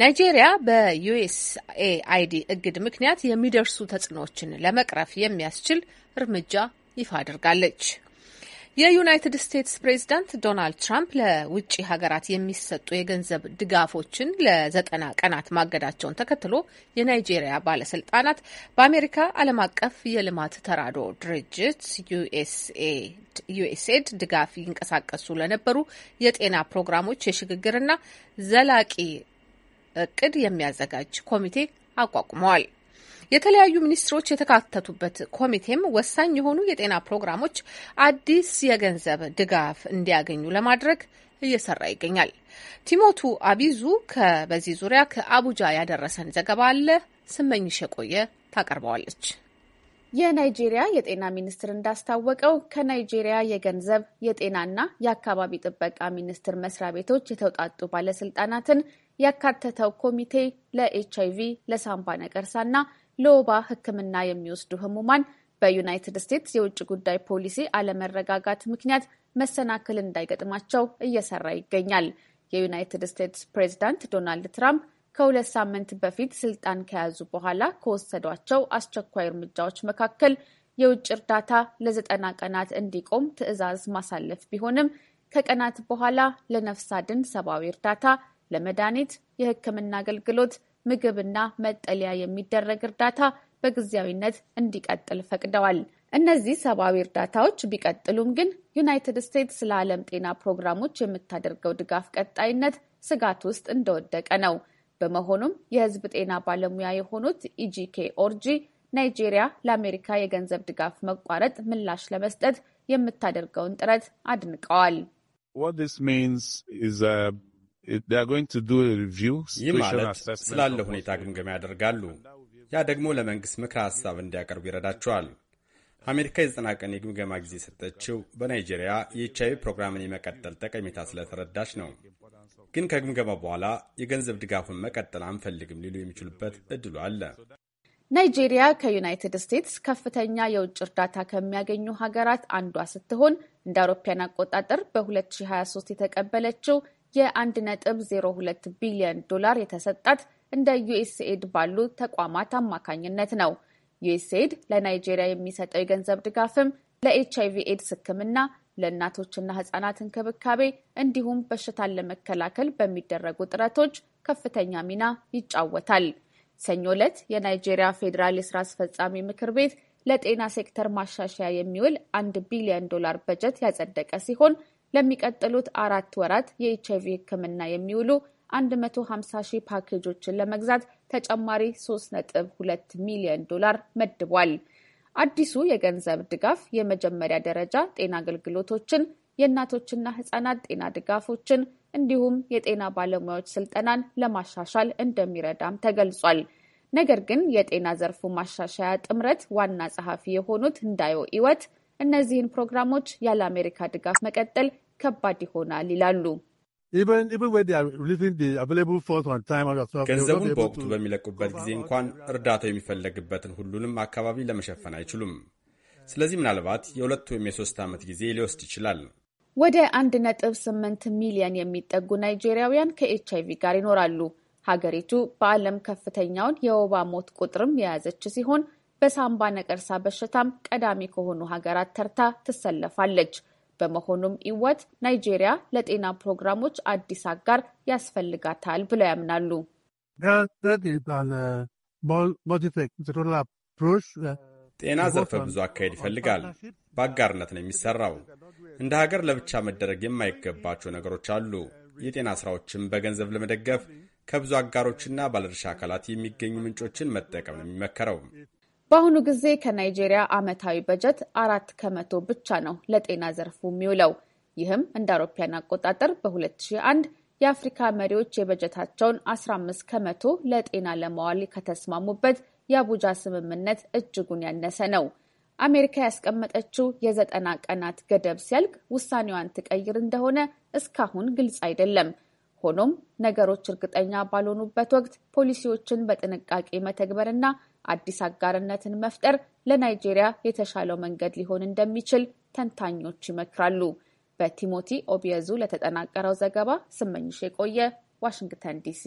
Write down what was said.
ናይጄሪያ በዩኤስኤአይዲ እግድ ምክንያት የሚደርሱ ተጽዕኖዎችን ለመቅረፍ የሚያስችል እርምጃ ይፋ አድርጋለች። የዩናይትድ ስቴትስ ፕሬዝዳንት ዶናልድ ትራምፕ ለውጭ ሀገራት የሚሰጡ የገንዘብ ድጋፎችን ለዘጠና ቀናት ማገዳቸውን ተከትሎ የናይጄሪያ ባለስልጣናት በአሜሪካ ዓለም አቀፍ የልማት ተራድኦ ድርጅት ዩኤስኤድ ድጋፍ ይንቀሳቀሱ ለነበሩ የጤና ፕሮግራሞች የሽግግርና ዘላቂ እቅድ የሚያዘጋጅ ኮሚቴ አቋቁመዋል። የተለያዩ ሚኒስትሮች የተካተቱበት ኮሚቴም ወሳኝ የሆኑ የጤና ፕሮግራሞች አዲስ የገንዘብ ድጋፍ እንዲያገኙ ለማድረግ እየሰራ ይገኛል። ቲሞቱ አቢዙ በዚህ ዙሪያ ከአቡጃ ያደረሰን ዘገባ አለ። ስመኝሽ የቆየ ታቀርበዋለች። የናይጄሪያ የጤና ሚኒስቴር እንዳስታወቀው ከናይጄሪያ የገንዘብ የጤናና የአካባቢ ጥበቃ ሚኒስቴር መስሪያ ቤቶች የተውጣጡ ባለስልጣናትን ያካተተው ኮሚቴ ለኤች አይቪ፣ ለሳምባ ነቀርሳና ለወባ ሕክምና የሚወስዱ ህሙማን በዩናይትድ ስቴትስ የውጭ ጉዳይ ፖሊሲ አለመረጋጋት ምክንያት መሰናክል እንዳይገጥማቸው እየሰራ ይገኛል። የዩናይትድ ስቴትስ ፕሬዚዳንት ዶናልድ ትራምፕ ከሁለት ሳምንት በፊት ስልጣን ከያዙ በኋላ ከወሰዷቸው አስቸኳይ እርምጃዎች መካከል የውጭ እርዳታ ለዘጠና ቀናት እንዲቆም ትዕዛዝ ማሳለፍ ቢሆንም ከቀናት በኋላ ለነፍስ አድን ሰብአዊ እርዳታ ለመድኃኒት፣ የሕክምና አገልግሎት፣ ምግብና መጠለያ የሚደረግ እርዳታ በጊዜያዊነት እንዲቀጥል ፈቅደዋል። እነዚህ ሰብአዊ እርዳታዎች ቢቀጥሉም ግን ዩናይትድ ስቴትስ ለዓለም ጤና ፕሮግራሞች የምታደርገው ድጋፍ ቀጣይነት ስጋት ውስጥ እንደወደቀ ነው። በመሆኑም የህዝብ ጤና ባለሙያ የሆኑት ኢጂኬ ኦርጂ ናይጄሪያ ለአሜሪካ የገንዘብ ድጋፍ መቋረጥ ምላሽ ለመስጠት የምታደርገውን ጥረት አድንቀዋል። What this means is a uh, ይህ ማለት ስላለ ሁኔታ ግምገማ ያደርጋሉ። ያ ደግሞ ለመንግሥት ምክረ ሐሳብ እንዲያቀርቡ ይረዳቸዋል። አሜሪካ የዘጠና ቀን የግምገማ ጊዜ የሰጠችው በናይጄሪያ የኤች አይቪ ፕሮግራምን የመቀጠል ጠቀሜታ ስለተረዳች ነው። ግን ከግምገማ በኋላ የገንዘብ ድጋፉን መቀጠል አንፈልግም ሊሉ የሚችሉበት እድሉ አለ። ናይጄሪያ ከዩናይትድ ስቴትስ ከፍተኛ የውጭ እርዳታ ከሚያገኙ ሀገራት አንዷ ስትሆን እንደ አውሮፓያን አቆጣጠር በ2023 የተቀበለችው የ 102 ቢሊዮን ዶላር የተሰጣት እንደ ዩኤስኤድ ባሉ ተቋማት አማካኝነት ነው። ዩኤስኤድ ለናይጄሪያ የሚሰጠው የገንዘብ ድጋፍም ለኤች ኤድስ ሕክምና፣ ለእናቶችና ህጻናት እንክብካቤ እንዲሁም በሽታን ለመከላከል በሚደረጉ ጥረቶች ከፍተኛ ሚና ይጫወታል። ሰኞ ዕለት የናይጄሪያ ፌዴራል የስራ አስፈጻሚ ምክር ቤት ለጤና ሴክተር ማሻሻያ የሚውል አንድ ቢሊዮን ዶላር በጀት ያጸደቀ ሲሆን ለሚቀጥሉት አራት ወራት የኤች አይቪ ሕክምና የሚውሉ 150 ሺህ ፓኬጆችን ለመግዛት ተጨማሪ 3.2 ሚሊዮን ዶላር መድቧል። አዲሱ የገንዘብ ድጋፍ የመጀመሪያ ደረጃ ጤና አገልግሎቶችን፣ የእናቶችና ህጻናት ጤና ድጋፎችን እንዲሁም የጤና ባለሙያዎች ስልጠናን ለማሻሻል እንደሚረዳም ተገልጿል። ነገር ግን የጤና ዘርፉ ማሻሻያ ጥምረት ዋና ጸሐፊ የሆኑት እንዳዮ ኢወት እነዚህን ፕሮግራሞች ያለ አሜሪካ ድጋፍ መቀጠል ከባድ ይሆናል ይላሉ። ገንዘቡን በወቅቱ በሚለቁበት ጊዜ እንኳን እርዳታው የሚፈለግበትን ሁሉንም አካባቢ ለመሸፈን አይችሉም። ስለዚህ ምናልባት የሁለት ወይም የሶስት ዓመት ጊዜ ሊወስድ ይችላል። ወደ 1.8 ሚሊዮን የሚጠጉ ናይጄሪያውያን ከኤች አይቪ ጋር ይኖራሉ። ሀገሪቱ በዓለም ከፍተኛውን የወባ ሞት ቁጥርም የያዘች ሲሆን በሳምባ ነቀርሳ በሽታም ቀዳሚ ከሆኑ ሀገራት ተርታ ትሰለፋለች። በመሆኑም ኢወት ናይጄሪያ ለጤና ፕሮግራሞች አዲስ አጋር ያስፈልጋታል ብለው ያምናሉ። ጤና ዘርፈ ብዙ አካሄድ ይፈልጋል። በአጋርነት ነው የሚሰራው። እንደ ሀገር ለብቻ መደረግ የማይገባቸው ነገሮች አሉ። የጤና ስራዎችን በገንዘብ ለመደገፍ ከብዙ አጋሮችና ባለድርሻ አካላት የሚገኙ ምንጮችን መጠቀም ነው የሚመከረው። በአሁኑ ጊዜ ከናይጄሪያ ዓመታዊ በጀት አራት ከመቶ ብቻ ነው ለጤና ዘርፉ የሚውለው። ይህም እንደ አውሮፓያን አቆጣጠር በ2001 የአፍሪካ መሪዎች የበጀታቸውን 15 ከመቶ ለጤና ለመዋል ከተስማሙበት የአቡጃ ስምምነት እጅጉን ያነሰ ነው። አሜሪካ ያስቀመጠችው የዘጠና ቀናት ገደብ ሲያልቅ ውሳኔዋን ትቀይር እንደሆነ እስካሁን ግልጽ አይደለም። ሆኖም ነገሮች እርግጠኛ ባልሆኑበት ወቅት ፖሊሲዎችን በጥንቃቄ መተግበርና አዲስ አጋርነትን መፍጠር ለናይጄሪያ የተሻለው መንገድ ሊሆን እንደሚችል ተንታኞች ይመክራሉ። በቲሞቲ ኦቢየዙ ለተጠናቀረው ዘገባ ስመኝሽ የቆየ ዋሽንግተን ዲሲ።